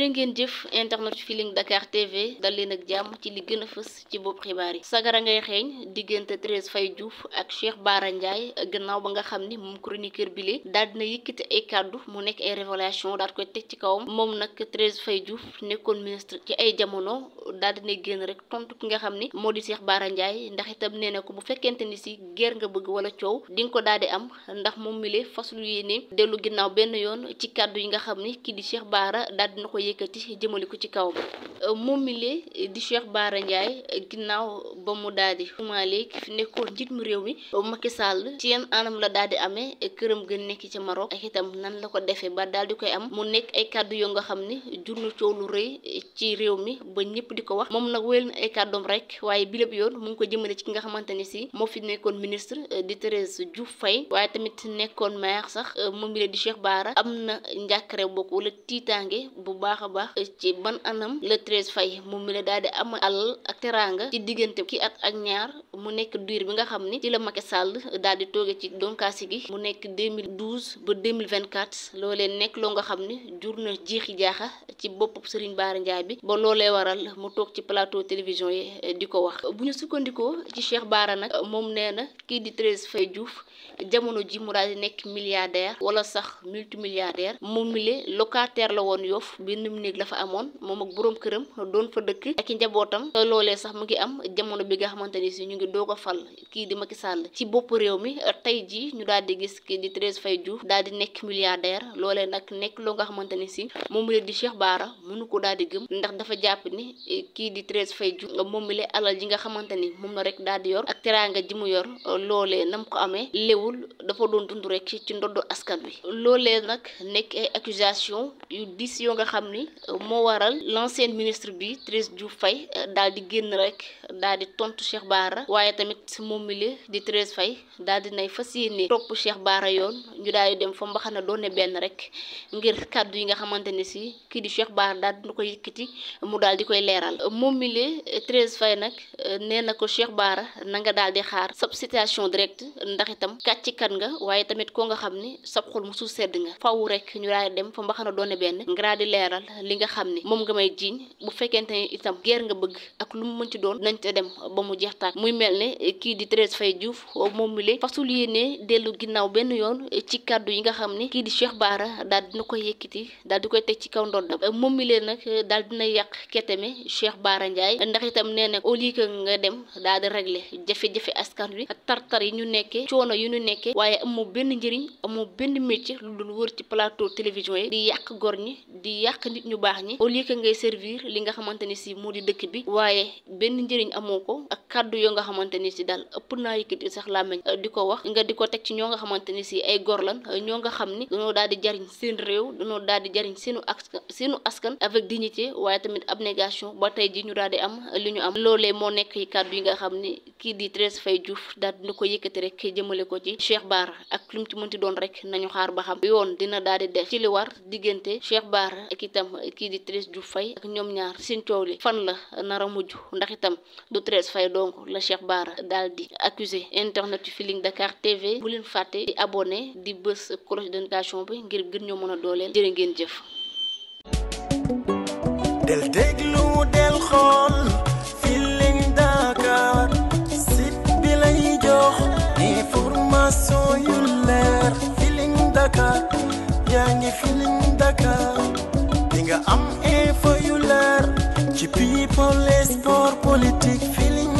jërë ngeen jëf internet Feeling Dakar TV dal leen ak jàmm ci li gën a fës ci bopp xibaar yi sagara ngay xeeñ diggante Thérèse Faye Diouf ak Cheikh Bara Ndiaye gannaaw ba nga xam ni moom chroniqueur bi lee daal dina yëkkati ay kàddu mu nekk ay révélation daal koy teg ci kawam moom nag Thérèse Faye Diouf nekkoon ministre ci ay jamono daal dina génn rek tontu ki nga xam ni moo di seex baara njaay ndax itam nee na ko bu fekkente ni si guerre nga bëgg wala coow di nga ko daal di am ndax ko yëkkati jëmale ko ci kaw euh, moom mi lee euh, di Cheikh Bara Ndiaye euh, ginnaaw ba mu daal di xumaale ki fi nekkoon njiit mu réew mi Macky Sall ci yenn anam la daal di amee këram gën nekk ci Maroc itam nan la ko defee ba daal di koy am mu nekk ay kàddu yoo nga xam ni jur na coow lu rëy ci réew mi ba ñëpp di ko wax moom nag wéyal na ay kàddoom rek waaye bi yoon mu ngi ko jëmale ci ki nga xamante ni si moo fi nekkoon ministre di Thérèse ju Faye waaye tamit nekkoon maire sax moom mi di Cheikh Bara am na baax a baax ci ban anam la Thérèse Faye moom mi la daal di am alal ak teraanga ci diggante ki at ak ñaar mu nekk diir bi nga xam ni ci la Macky Sall daal di tooge ci donkaasi gi mu nekk 2012 ba 2024 loolee nekk loo nga xam ni jur na jiixi jaaxa ci bopp Serigne Bara Ndiaye bi ba loolee waral mu toog ci plateau télévision yi di ko wax bu ñu sukkandikoo ci Cheikh Bara nag moom nee na kii di Thérèse Faye Diouf jamono ji mu dal di nekk milliardaire wala sax multimilliardaire moom mi locataire la woon Yoff benn benn néeg la fa amoon moom ak boroom këram doon fa dëkk ak i njabootam te loolee sax mu ngi am jamono bi nga xamante si ñu ngi doog a fal kii di Macky Sall ci bopp réew mi tey jii ñu daal di gis kii di Thérèse Faye Diouf daal di nekk milliardaire loolee nag nekk loo nga xamante ni si moom la di Cheikh Bara mënu ko daal di gëm ndax dafa jàpp ni kii di Thérèse Faye moom mi la alal ji nga xamante ni moom la rek daal di yor ak teraanga ji mu yor loolee nam ko amee léewul dafa doon dund rek ci ndoddu askan wi loolee nag nekk ay accusation yu diis yoo nga xam ni mi euh, moo waral l'ancien ministre bi Thérèse Diouf Faye euh, daal di génn rek daal di tontu Cheikh baara waaye tamit moom mi di Thérèse Faye daal di nay fas yéene topp Cheikh Bara yoon ñu daal di dem fa mbaxana doone benn rek ngir kàddu yi nga xamante ne si kii di Cheikh Bara daal di ko yëkkati mu daal di koy leeral euh, moom mi Thérèse Faye nag nee na ko Cheikh Bara na nga daal di xaar sab situation directe ndax itam kat nga waaye tamit koo nga xam ni sab xol mu suuf sedd nga faw rek ñu daal di dem fa mbaxana doone benn nga daal di leeral li nga xam ni moom nga may jiiñ bu fekkente ni itam guerre nga bëgg ak lu mu mën doon nañ te dem ba mu jeex tàkk muy mel ne kii di Thérèse Faye Diouf moom mi le fasul yéene dellu ginnaaw benn yoon ci kàddu yi nga xam ni kii di Cheikh Bara daal dina ko yëkkati daal di koy teg ci kaw ndoddam moom mi leen nag daal dina yàq keteme Cheikh baara Ndiaye ndax itam nee na au lieu que nga dem daal di régler jafe-jafe askan wi tartar yi ñu nekkee coono yi ñu nekkee waaye amoo benn njëriñ amoo benn métier lu ci plateau télévision yi di yàq ñu baax ñi au lieu ngay servir li nga xamante ni si moo di dëkk bi waaye benn njëriñ amoo ko ak kàddu yoo nga xamante ni si daal ëpp naa yëkkati sax làmmiñ di ko wax nga di ko teg ci ñoo nga xamante ni si ay góor lan ñoo nga xam ni dañoo daal di jariñ seen réew dañoo daal di jariñ seenu askan seenu askan avec dignité waaye tamit ab négation ba tey ji ñu daal di am li ñu am loolee moo nekk yi kàddu yi nga xam ni kii di Thérèse Faye Diouf daal nu ko yëkkati rek jëmmale ko ci Cheikh baara ak lu mu ci mënti doon rek nañu xaar ba xam yoon dina daal di def ci li war diggante Cheikh Bara ak itam kii di Thérèse Diouf Faye ak ñoom ñaar seen coow li fan la nar a mujj ndax donc la Cheikh Bara dal di accusé internet yu Feeling Dakar TV bu fàtte di abonné di bës cloche de bi ngir gën ñoo mën a dooleel jërë ngeen jëf. del déglu del xool Feeling Dakar yaa ngi Feeling Dakar di nga am info yu leer ci people sport politique Feeling